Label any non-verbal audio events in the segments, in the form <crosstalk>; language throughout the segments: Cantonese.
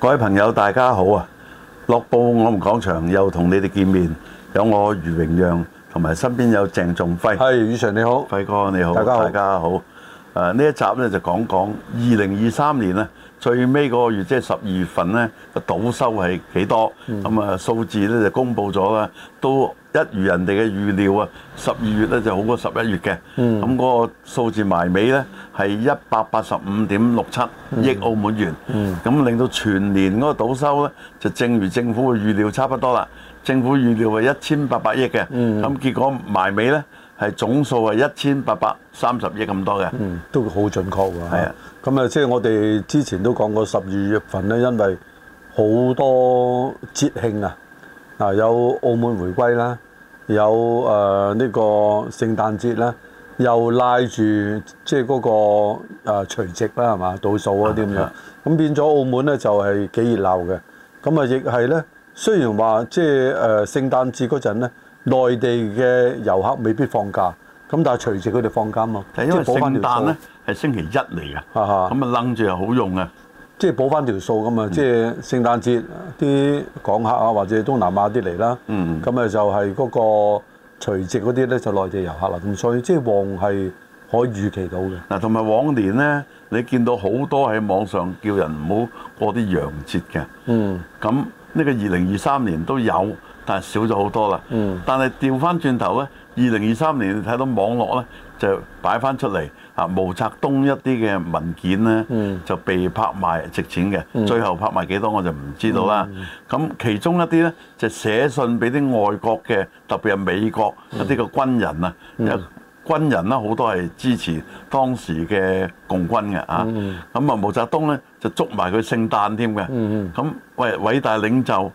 各位朋友，大家好啊！樂報我們講場又同你哋見面，有我余榮讓，同埋身邊有鄭仲輝。係，余常你好，輝 <noise> 哥你好，大家好。大家好。誒，呢一集咧就講講二零二三年咧最尾嗰個月，即係十二月份咧個賭收係幾多？咁啊數字咧就公佈咗啦，都。一如人哋嘅預料啊，十二月咧就好過十一月嘅。咁嗰、嗯、個數字埋尾咧係一百八十五點六七億澳門元。咁、嗯嗯、令到全年嗰個賭收咧就正如政府嘅預料差不多啦。政府預料係一千八百億嘅。咁、嗯、結果埋尾咧係總數係一千八百三十億咁多嘅、嗯。都好準確㗎。係啊。咁啊，即係我哋之前都講過十二月份咧，因為好多節慶啊。嗱，有澳門回歸啦，有誒呢、呃，這個聖誕節啦，又拉住即係、那、嗰個除夕啦，係、呃、嘛？倒數啊啲咁樣，咁、啊、變咗澳門咧就係、是、幾熱鬧嘅。咁啊，亦係咧，雖然話即係誒、呃、聖誕節嗰陣咧，內地嘅遊客未必放假，咁但係除夕佢哋放假嘛，因為補翻條數咧，係星期一嚟嘅，咁啊楞住又好用啊！啊啊啊即係補翻條數咁嘛，即係聖誕節啲港客啊，或者東南亞啲嚟啦，咁啊、嗯、就係嗰個除夕嗰啲咧，就內地遊客啦。咁所以即係旺係可以預期到嘅。嗱，同埋往年咧，你見到好多喺網上叫人唔好過啲洋節嘅。嗯。咁呢個二零二三年都有，但係少咗好多啦。嗯。但係調翻轉頭咧，二零二三年你睇到網絡咧，就擺翻出嚟。毛澤東一啲嘅文件呢，嗯、就被拍賣，值錢嘅。嗯、最後拍賣幾多我就唔知道啦。咁、嗯、其中一啲呢，就、寫信俾啲外國嘅，特別係美國、嗯、一啲嘅軍人啊，嗯、軍人啦好多係支持當時嘅共軍嘅啊。咁、嗯嗯、啊，毛澤東呢，就捉埋佢聖誕添嘅。咁、嗯嗯嗯、喂，偉大領袖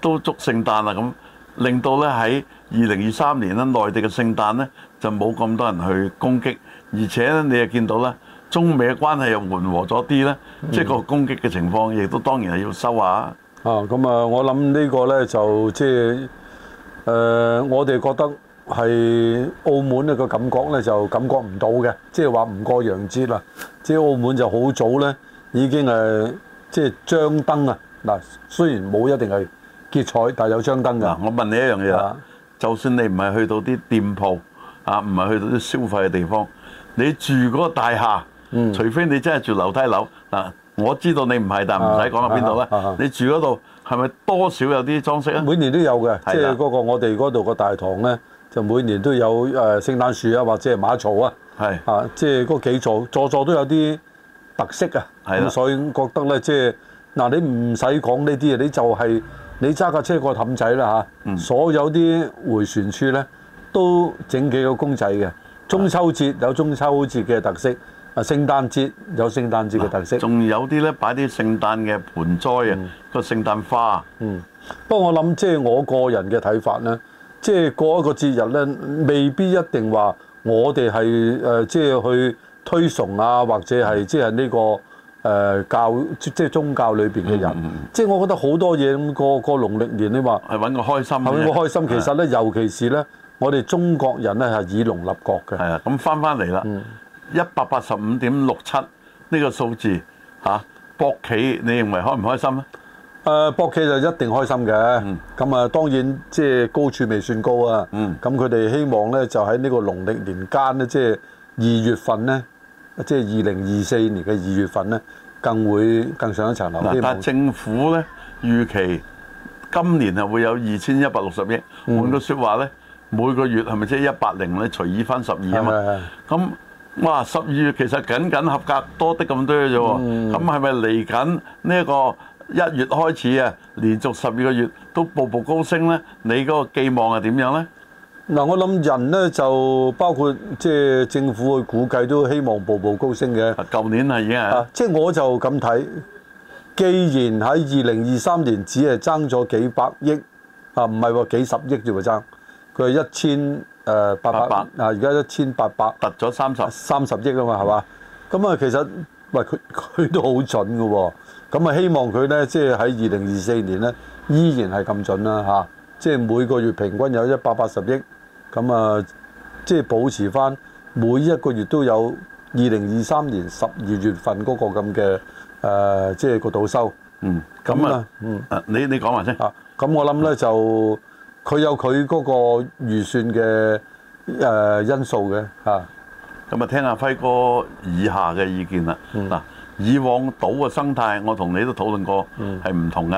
都捉聖誕啦！咁令到呢，喺二零二三年咧，內地嘅聖誕呢。就冇咁多人去攻擊，而且咧，你又見到咧，中美嘅關係又緩和咗啲咧，即係個攻擊嘅情況，亦都當然係要收下啊、嗯。咁、嗯、啊、嗯，我諗呢個咧就即係誒、呃，我哋覺得係澳門呢個感覺咧就感覺唔到嘅，即係話唔過洋節啦。即係澳門就好早咧已經誒，即係張燈啊嗱、嗯。雖然冇一定係結彩，但係有張燈㗎、嗯。我問你一樣嘢啦，嗯、就算你唔係去到啲店鋪。啊，唔係去消費嘅地方，你住嗰個大廈，嗯、除非你真係住樓梯樓嗱、啊，我知道你唔係，但唔使講到邊度啦。啊啊啊、你住嗰度係咪多少有啲裝飾啊？每年都有嘅，即係嗰個我哋嗰度個大堂咧，就每年都有誒聖誕樹啊，或者係馬槽啊，嚇的，即係嗰幾座座座都有啲特色啊。咁的所以覺得咧，即係嗱，你唔使講呢啲，嘢，你就係、是、你揸架車過氹仔啦嚇，所有啲回旋處咧。啊都整幾個公仔嘅，中秋節有中秋節嘅特色，啊聖誕節有聖誕節嘅特色、啊，仲有啲咧擺啲聖誕嘅盆栽啊，個聖誕花、啊、嗯，不過我諗即係我個人嘅睇法咧，即、就、係、是、過一個節日咧，未必一定話我哋係誒即係去推崇啊，或者係即係呢個誒、呃、教即係、就是、宗教裏邊嘅人。即係、嗯嗯嗯、我覺得好多嘢咁過過農曆年你話係搵個開心，係搵個開心。其實咧，尤其是咧。我哋中國人咧係以農立國嘅，係啊。咁翻翻嚟啦，一百八十五點六七呢個數字嚇、啊、博企，你認為開唔開心咧？誒、啊，博企就一定開心嘅。咁啊、嗯，當然即係、就是、高處未算高啊。咁佢哋希望咧就喺呢個農曆年間咧，即係二月份咧，即係二零二四年嘅二月份咧，更會更上一層樓、啊。但政府咧預期今年係會有二千一百六十億，換句説話咧。每個月係咪即係一百零咧？隨意返十二啊嘛。咁是哇，十二月其實僅僅合格多啲咁多啫喎。咁係咪嚟緊呢一個一月開始啊，連續十二個月都步步高升呢？你嗰個寄望係點樣呢？嗱、啊，我諗人呢就包括即係、就是、政府去估計都希望步步高升嘅。舊年係，已經係，即係我就咁睇，既然喺二零二三年只係爭咗幾百億啊，唔係話幾十億就會爭。佢一千誒八百八，啊而家一千八百，突咗三十三十億啊嘛，係嘛？咁啊，其實喂佢佢都好準嘅喎、哦。咁、嗯、啊，希望佢咧，即係喺二零二四年咧，依然係咁準啦吓，即、啊、係、就是、每個月平均有一百八十億，咁啊，即、就、係、是、保持翻每一個月都有二零二三年十二月份嗰個咁嘅誒，即、啊、係、就是、個賭收。嗯，咁、嗯、樣啊，嗯，你你講埋先。啊，咁我諗咧就～佢有佢嗰個預算嘅誒因素嘅嚇。咁啊，聽阿輝哥以下嘅意見啦。嗱、嗯，以往賭嘅生態，我同你都討論過，係唔、嗯、同嘅。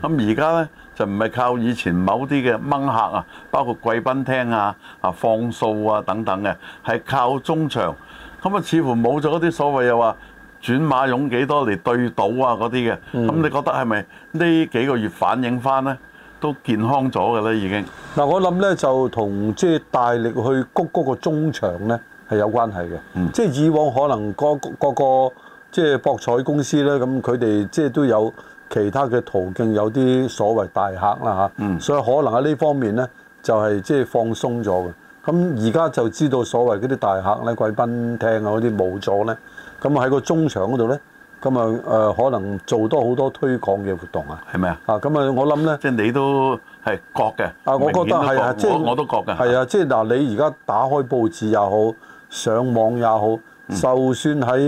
咁而家呢，就唔係靠以前某啲嘅掹客啊，包括貴賓廳啊、啊放數啊等等嘅，係靠中場。咁啊，似乎冇咗嗰啲所謂又話轉馬擁幾多嚟對賭啊嗰啲嘅。咁、嗯、你覺得係咪呢幾個月反映翻呢？都健康咗嘅咧，已經呢。嗱，我諗呢就同即係大力去谷嗰個中場呢係有關係嘅。嗯、即係以往可能個個即係博彩公司呢，咁佢哋即係都有其他嘅途徑，有啲所謂大客啦吓，啊、嗯，所以可能喺呢方面呢，就係即係放鬆咗嘅。咁而家就知道所謂嗰啲大客呢，貴賓廳啊嗰啲冇咗呢。咁喺個中場嗰度呢。咁啊，誒可能做多好多推廣嘅活動啊，係咪啊？啊，咁啊，我諗咧，即係你都係覺嘅。啊，我覺得係啊，即係我都覺嘅，係啊，即係嗱，你而家打開報紙也好，上網也好，就算喺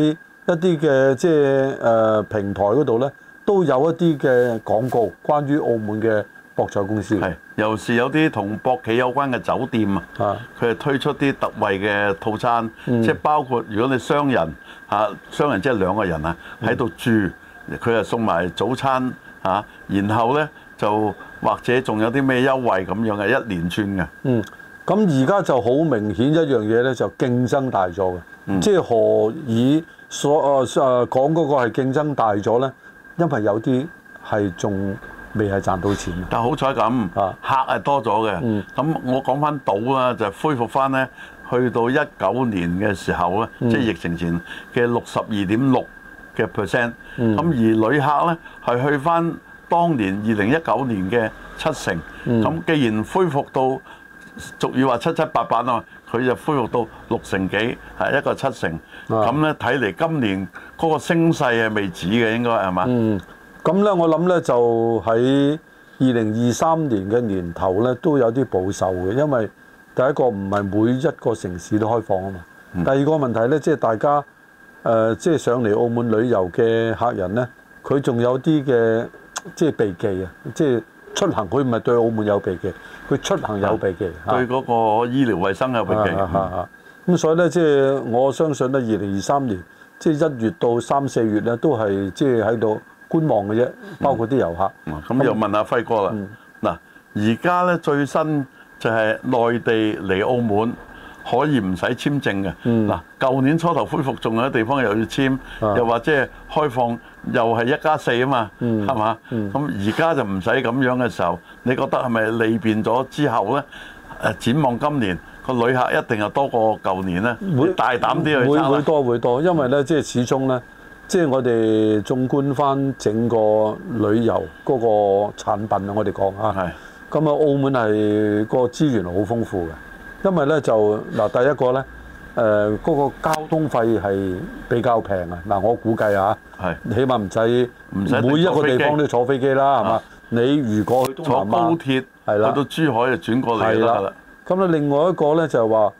一啲嘅即係誒平台嗰度咧，都有一啲嘅廣告關於澳門嘅博彩公司。係，尤其是有啲同博企有關嘅酒店啊，佢係推出啲特惠嘅套餐，即係包括如果你商人。嚇，雙人即係兩個人啊，喺度住，佢又、嗯、送埋早餐嚇、啊，然後咧就或者仲有啲咩優惠咁樣嘅一連串嘅。嗯，咁而家就好明顯一樣嘢咧，就競爭大咗嘅。即係、嗯、何以所誒講嗰個係競爭大咗咧？因為有啲係仲未係賺到錢。但好彩咁，客係多咗嘅。嗯，咁我講翻賭啦，就係、恢復翻咧。去到一九年嘅時候咧，即係疫情前嘅六十二點六嘅 percent。咁而旅客咧係去翻當年二零一九年嘅七成。咁既然恢復到俗語話七七八八啊，佢就恢復到六成幾，係一個七成。咁咧睇嚟今年嗰個升勢係未止嘅，應該係嘛？嗯，咁咧我諗咧就喺二零二三年嘅年頭咧都有啲保守嘅，因為，第一個唔係每一個城市都開放啊嘛。嗯、第二個問題呢，即係大家誒，即係上嚟澳門旅遊嘅客人呢，佢仲有啲嘅即係避忌啊，即係出行佢唔係對澳門有避忌，佢出行有避忌，對嗰個醫療衞生有避忌。咁所以呢，即係我相信呢，二零二三年即係一月到三四月呢，都係即係喺度觀望嘅啫，包括啲遊客。咁、嗯嗯、又問下輝哥啦。嗱、嗯，而家呢，最新。就係內地嚟澳門可以唔使簽證嘅。嗱，舊年初頭恢復，仲有啲地方又要簽，又或者係開放，又係一加四啊嘛，係嘛？咁而家就唔使咁樣嘅時候，你覺得係咪利便咗之後咧？誒，展望今年個旅客一定係多過舊年咧，會大膽啲去揸。會會多會多，因為咧即係始終咧，即係我哋縱觀翻整個旅遊嗰個產品啊，我哋講下。咁啊，澳門係個資源好豐富嘅，因為咧就嗱，第一個咧，誒嗰個交通費係比較平啊！嗱，我估計啊，係起碼唔使，唔使，每一個地方都坐飛機啦，係嘛？你如果慢慢坐高鐵，係啦，去到珠海就轉過嚟就得啦。咁咧，另外一個咧就係話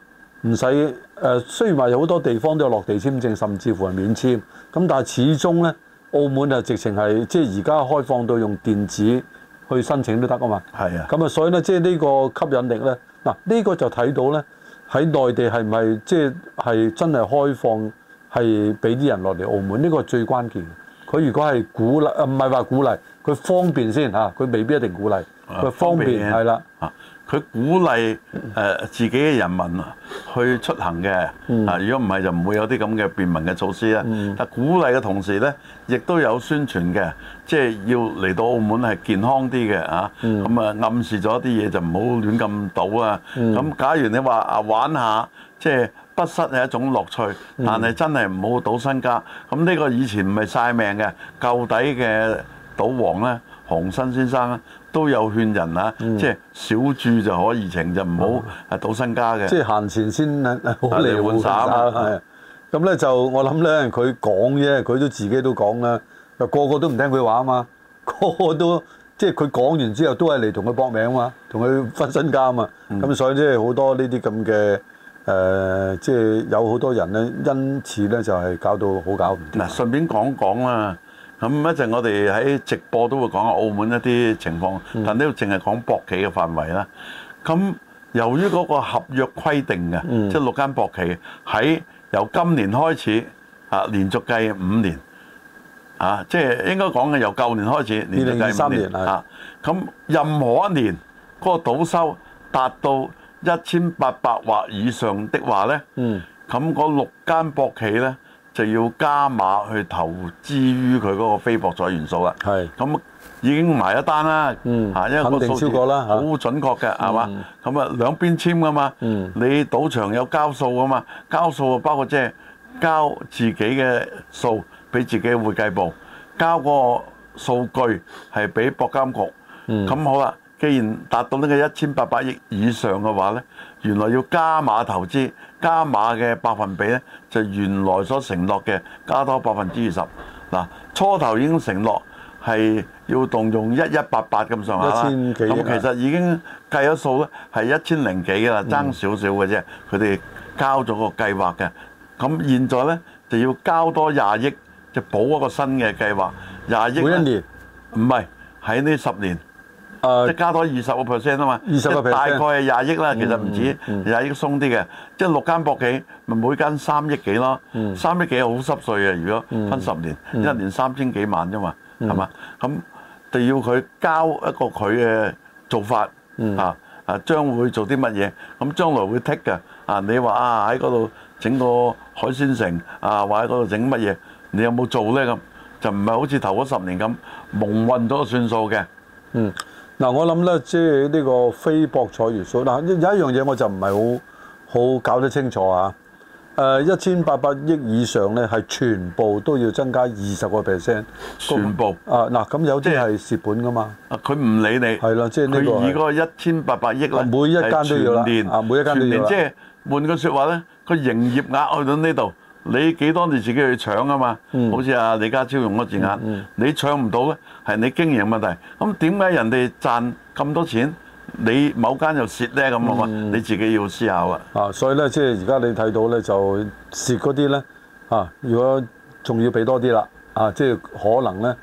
唔使誒，雖然話有好多地方都有落地簽證，甚至乎係免簽，咁但係始終咧，澳門啊，直情係即係而家開放到用電子。去申請都得啊嘛，係啊，咁啊，所以咧，即係呢個吸引力咧，嗱，呢個就睇到咧，喺內地係咪，即係係真係開放，係俾啲人落嚟澳門？呢個係最關鍵。佢如果係鼓勵，唔係話鼓勵，佢方便先吓，佢、啊、未必一定鼓勵，佢方便係啦，啊。佢鼓勵,誒,自己嘅人民去出行嘅,哈,如果唔係就唔會有啲咁嘅便民嘅措施啦.哈,鼓勵嘅同時咧,亦都有宣傳嘅,即係要嚟到澳門係健康啲嘅,哈,咁啊暗示咗一啲嘢就唔好亂咁賭啊.咁假如你話啊玩下,即係不失係一種樂趣,都有勸人啊，嗯、即係少注就可以贏就唔好係賭身家嘅，嗯。即係閒錢先，好嚟換衫、啊。咁咧的、嗯、就我諗咧，佢講啫，佢都自己都講啦。又個個都唔聽佢話啊嘛，個個都即係佢講完之後都係嚟同佢搏命啊嘛，同佢分身家啊嘛。咁、嗯、所以即係好多呢啲咁嘅誒，即係有好多人咧，因此咧就係搞到好搞唔掂、嗯。嗱、啊，順便講講啦、啊。咁一陣我哋喺直播都會講下澳門一啲情況，但呢度淨係講博企嘅範圍啦。咁由於嗰個合約規定嘅，即係六間博企喺由今年開始啊，連續計五年啊，即係應該講嘅由舊年開始連續計三年啊。咁任何一年嗰個賭收達到一千八百或以上的話咧，嗯，咁嗰六間博企咧，就要加碼去投資於佢嗰個非博彩元素啦。係是，咁已經埋咗單啦。嗯，嚇，因為個數字好準確嘅，係嘛？咁啊，是是嗯、兩邊簽噶嘛。嗯，你賭場有交數噶嘛？交數啊，包括即係交自己嘅數俾自己嘅會計部，交個數據係俾博監局。嗯，咁好啦。既然達到呢個一千八百億以上嘅話呢，原來要加碼投資，加碼嘅百分比呢，就係、原來所承諾嘅加多百分之二十。嗱，初頭已經承諾係要動用一一八八咁上下啦，咁、啊、其實已經計咗數呢係一千零幾啦，爭少少嘅啫。佢哋交咗個計劃嘅，咁現在呢就要交多廿億，就補一個新嘅計劃。廿億一年？唔係喺呢十年。即係加多二十個 percent 啊嘛，即係大概係廿億啦，其實唔止廿億鬆啲嘅，即係六間博企，咪每間三億幾咯，三億幾好濕碎啊，如果分十年，一年三千幾萬啫嘛，係嘛？咁就要佢交一個佢嘅做法啊，啊將會做啲乜嘢？咁將來會剔嘅啊？你話啊喺嗰度整個海鮮城啊，或喺嗰度整乜嘢？你有冇做咧咁？就唔係好似頭嗰十年咁蒙混咗算數嘅，嗯。嗱，我諗咧，即係呢個非博彩元素。嗱，有一樣嘢我就唔係好好搞得清楚啊。誒，一千八百億以上咧，係全部都要增加二十個 percent，全部啊。嗱，咁有啲係蝕本噶嘛。啊，佢唔理你。係啦，即係呢個。你以個一千八百億啦，係全年。啊，每一間都要啦。即係換個説話咧，佢營業額去到呢度。你幾多你自己去搶啊嘛？嗯、好似阿李家超用嗰字眼，嗯嗯、你搶唔到咧，係你經營問題。咁點解人哋賺咁多錢，你某間又蝕咧咁啊？嗯、你自己要思考啊！啊，所以咧，即係而家你睇到咧，就蝕嗰啲咧，啊，如果仲要俾多啲啦，啊，即係可能咧。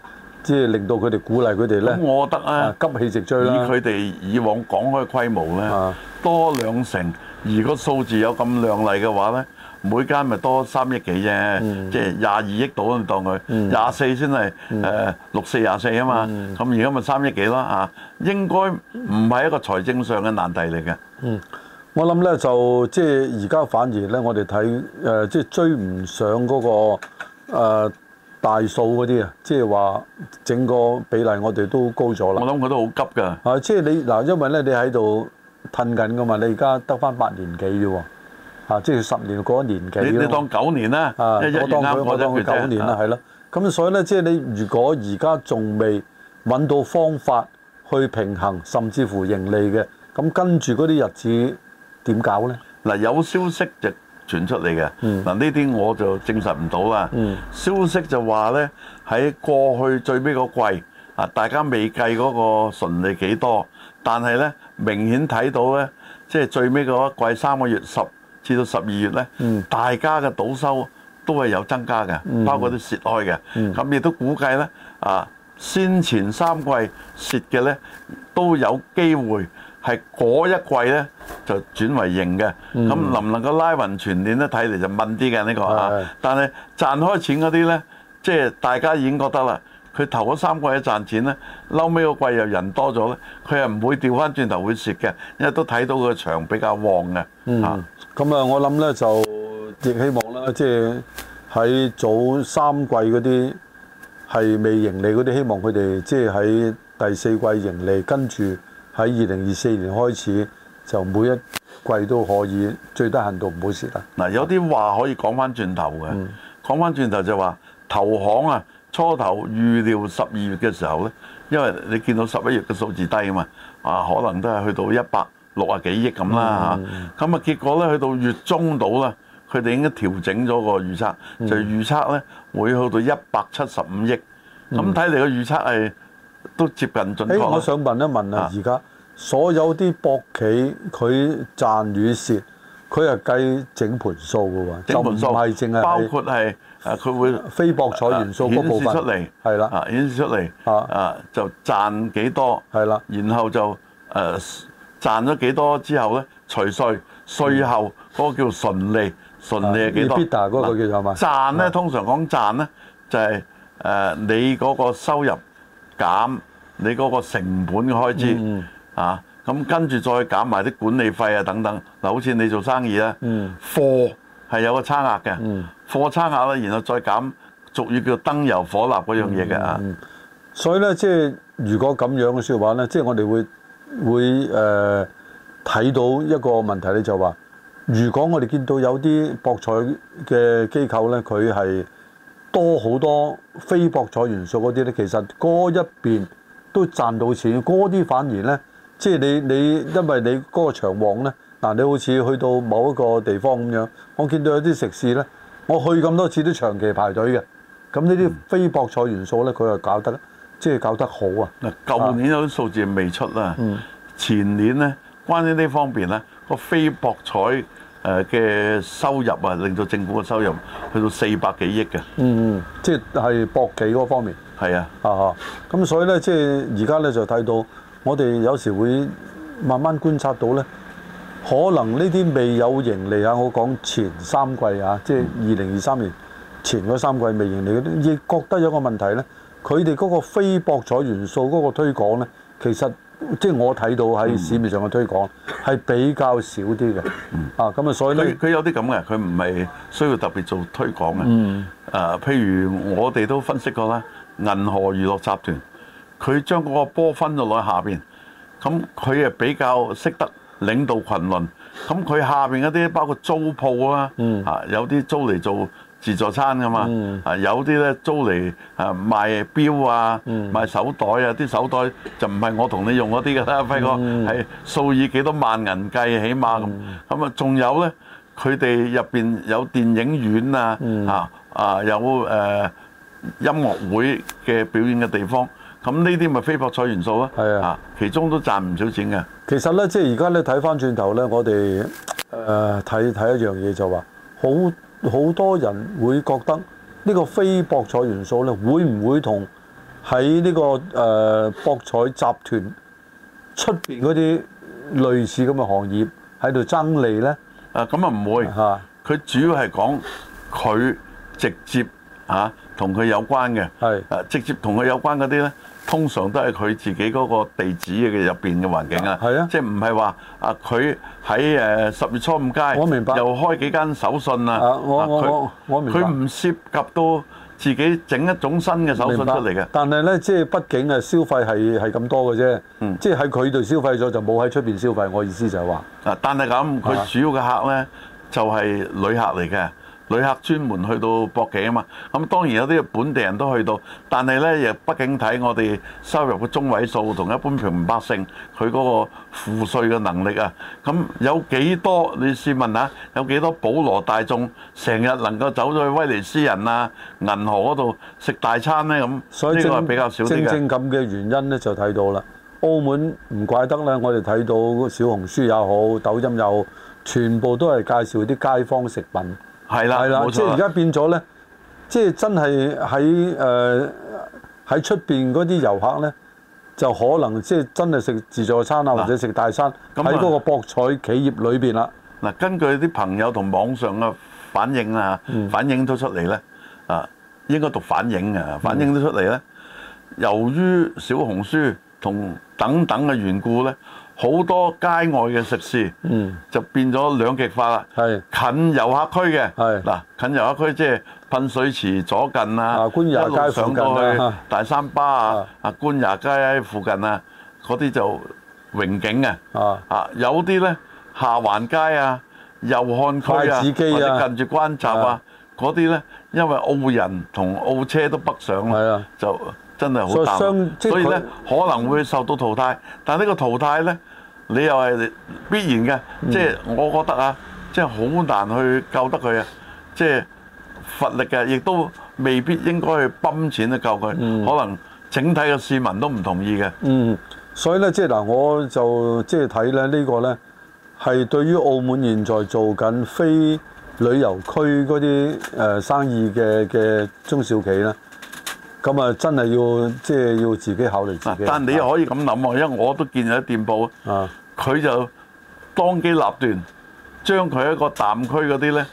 即係令到佢哋鼓勵佢哋咧，我覺得咧、啊、急起直追。以佢哋以往講開規模咧，啊、多兩成，如果數字有咁亮麗嘅話咧，每間咪多三億幾啫，嗯、即係廿二億到都、嗯、當佢，廿四先係誒六四廿四啊嘛。咁而家咪三億幾啦嚇，應該唔係一個財政上嘅難題嚟嘅、嗯。我諗咧就即係而家反而咧，我哋睇誒即係追唔上嗰、嗰個、呃呃大數嗰啲啊，即係話整個比例我哋都高咗啦。我諗佢都好急㗎。啊，即係你嗱，因為咧你喺度褪緊㗎嘛，你而家得翻八年幾啫喎，啊，即係十年過一年幾你你當九年啦，我當佢我當佢九年啦，係咯。咁所以咧，即係你如果而家仲未揾到方法去平衡，甚至乎盈利嘅，咁跟住嗰啲日子點搞咧？嗱，有消息就。傳出嚟嘅嗱，呢啲、嗯、我就證實唔到啦。嗯、消息就話呢，喺過去最尾嗰季啊，大家未計嗰個純利幾多，但係呢，明顯睇到呢，即、就、係、是、最尾嗰季三個月十至到十二月呢，嗯、大家嘅賭收都係有增加嘅，嗯、包括啲蝕開嘅。咁亦、嗯、都估計呢，啊，先前三季蝕嘅呢，都有機會。係嗰一季呢，就轉為盈嘅，咁、嗯、能唔能夠拉勻全年呢？睇嚟就問啲嘅呢個啊。但係賺開錢嗰啲呢，即、就、係、是、大家已經覺得啦，佢頭嗰三季一賺錢呢，嬲尾個季又人多咗呢，佢係唔會調翻轉頭會蝕嘅，因為都睇到個場比較旺嘅。啊、嗯，咁啊，我諗呢，就亦希望啦，即係喺早三季嗰啲係未盈利嗰啲，希望佢哋即係喺第四季盈利跟住。喺二零二四年開始，就每一季都可以，最低限度唔好蝕啦。嗱、啊，有啲話可以講翻轉頭嘅，講翻轉頭就話，投行啊，初頭預料十二月嘅時候咧，因為你見到十一月嘅數字低啊嘛，啊，可能都係去到一百六啊幾億咁啦嚇。咁、嗯、啊，結果咧去到月中到啦，佢哋應該調整咗個預測，就是、預測咧會去到一百七十五億。咁睇嚟個預測係。都接近進貨。我想問一問啊，而家所有啲博企佢賺與蝕，佢係計整盤數嘅喎，整盤數就唔係淨係包括係誒，佢會非博彩元素顯示出嚟，係啦的、啊，顯示出嚟啊，就賺幾多，係啦的，然後就誒、uh, 賺咗幾多之後咧，除稅稅後嗰個叫純利，純利係幾多？嗰個、啊、叫做咩啊？賺咧，通常講賺咧，就係、是、誒、啊、你嗰個收入。減你嗰個成本嘅開支、嗯、啊，咁跟住再減埋啲管理費啊等等嗱，好似你做生意咧，貨係、嗯、有個差額嘅，嗯、貨差額啦，然後再減俗語叫燈油火蠟嗰樣嘢嘅啊，所以咧即係如果咁樣嘅說話咧，即係我哋會會誒睇、呃、到一個問題咧，就話、是、如果我哋見到有啲博彩嘅機構咧，佢係。多好多非博彩元素嗰啲呢，其實嗰一邊都賺到錢，嗰啲反而呢，即係你你因為你嗰個長旺呢，嗱你好似去到某一個地方咁樣，我見到有啲食肆呢，我去咁多次都長期排隊嘅，咁呢啲非博彩元素呢，佢又搞得即係、就是、搞得好啊！嗱，舊年有啲數字未出啊，前年呢，關於呢方面呢，個非博彩。誒嘅收入啊，令到政府嘅收入去到四百幾億嘅。嗯嗯，即係博企嗰方面。係啊，啊啊，咁所以呢，即係而家呢，就睇到，我哋有時會慢慢觀察到呢，可能呢啲未有盈利啊。我講前三季啊，嗯、即係二零二三年前嗰三季未盈利嗰啲，亦覺得有個問題呢，佢哋嗰個非博彩元素嗰個推廣呢，其實。即係我睇到喺市面上嘅推廣係、嗯、比較少啲嘅，嗯、啊咁啊所以咧佢有啲咁嘅，佢唔係需要特別做推廣嘅。誒、嗯啊，譬如我哋都分析過啦，銀河娛樂集團佢將嗰個波分咗落下邊，咁佢係比較識得領導群倫，咁佢下邊嗰啲包括租鋪啊，嗯、啊有啲租嚟做。自助餐㗎嘛，啊、嗯、有啲咧租嚟啊賣表啊，嗯、賣手袋啊，啲手袋就唔係我同你用嗰啲㗎啦，輝哥係數以幾多萬銀計，起碼咁咁啊，仲、嗯、有咧佢哋入邊有電影院啊，嗯、啊啊有誒、啊、音樂會嘅表演嘅地方，咁呢啲咪非博彩元素啊，啊其中都賺唔少錢嘅。其實咧，即係而家咧睇翻轉頭咧，我哋誒睇睇一樣嘢就話好。好多人會覺得呢個非博彩元素咧，會唔會同喺呢個誒博彩集團出邊嗰啲類似咁嘅行業喺度爭利呢？啊，咁啊唔會，佢主要係講佢直接啊同佢有關嘅，係誒啊，直接同佢有關嗰啲呢。通常都係佢自己嗰個地址嘅入邊嘅環境啊，係啊，即係唔係話啊佢喺誒十月初五街，我明白，又開幾間手信啊，我我明白，佢唔涉及到自己整一種新嘅手信出嚟嘅。但係咧，即係畢竟誒消費係係咁多嘅啫，即係喺佢度消費咗就冇喺出邊消費。我意思就係話啊，但係咁佢主要嘅客咧就係旅客嚟嘅。旅客專門去到博企啊嘛，咁當然有啲本地人都去到，但係呢，亦畢竟睇我哋收入嘅中位數同一般平民百姓佢嗰個負稅嘅能力啊，咁有幾多？你試問下，有幾多普羅大眾成日能夠走咗去威尼斯人啊、銀河嗰度食大餐呢？咁呢個比較少啲。正正咁嘅原因呢，就睇到啦。澳門唔怪得呢，我哋睇到小紅書也好、抖音又好，全部都係介紹啲街坊食品。係啦，係啦是錯，即係而家變咗咧，即係真係喺誒喺出邊嗰啲遊客咧，就可能即係真係食自助餐啊，或者食大餐，咁喺嗰個博彩企業裏邊啦。嗱、啊，根據啲朋友同網上嘅反映，啊嗯、反映啊，反映咗出嚟咧，啊，應該讀反映啊，反映咗出嚟咧，嗯、由於小紅書同等等嘅緣故咧。好多街外嘅食肆，就變咗兩極化啦。係近遊客區嘅，嗱近遊客區即係噴水池左近啊，官也街附近上去大三巴啊，啊官也街附近啊，嗰啲就榮景啊。啊，有啲咧下環街啊、右岸區啊，或者近住關閘啊，嗰啲咧，因為澳人同澳車都北上啦，就。真係好大，所以咧、就是、可能會受到淘汰，但係呢個淘汰咧，你又係必然嘅，即係、嗯、我覺得啊，即係好難去救得佢啊，即係乏力嘅，亦都未必應該去泵錢去救佢，嗯、可能整體嘅市民都唔同意嘅。嗯，所以咧，即係嗱，我就即係睇咧呢、呢個咧，係對於澳門現在做緊非旅遊區嗰啲誒生意嘅嘅中小企咧。咁啊，真係要即係、就是、要自己考慮自己。但係你又可以咁諗喎，因為我都見咗啲店鋪，佢就當機立斷，將佢一個淡區嗰啲咧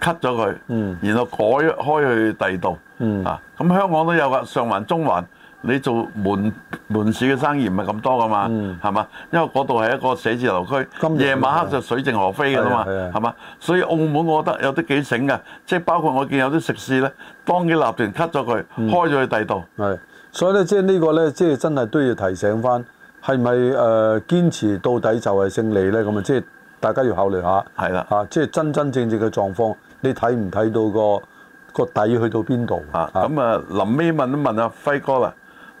cut 咗佢，然後改開去第二度。嗯、啊，咁香港都有㗎，上環、中環。你做門門市嘅生意唔係咁多噶嘛，係嘛、嗯？因為嗰度係一個寫字樓區，夜、就是、晚黑就水靜河飛嘅啦嘛，係嘛？所以澳門我覺得有啲幾醒嘅，即係包括我見有啲食肆咧，當機立斷 cut 咗佢，嗯、開咗去第度。係，所以咧即係呢個咧即係真係都要提醒翻，係咪誒堅持到底就係勝利咧？咁啊，即係大家要考慮下。係啦的，啊，即、就、係、是、真真正正嘅狀況，你睇唔睇到個個底去到邊度啊？咁啊，臨尾問一問阿輝哥啦。的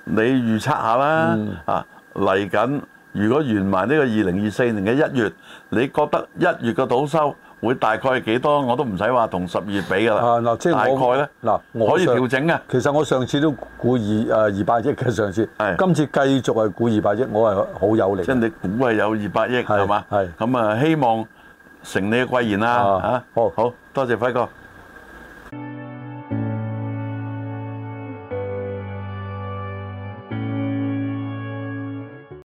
你預測下啦，啊嚟緊如果完埋呢個二零二四年嘅一月，你覺得一月嘅賭收會大概係幾多？我都唔使話同十二月比噶啦。嗱，即係大概咧，嗱可以調整嘅。其實我上次都估二誒二百億嘅上次，係今次繼續係估二百億，我係好有利。即係你估係有二百億係嘛？係咁啊，希望成你嘅貴言啦嚇。好，好多謝輝哥。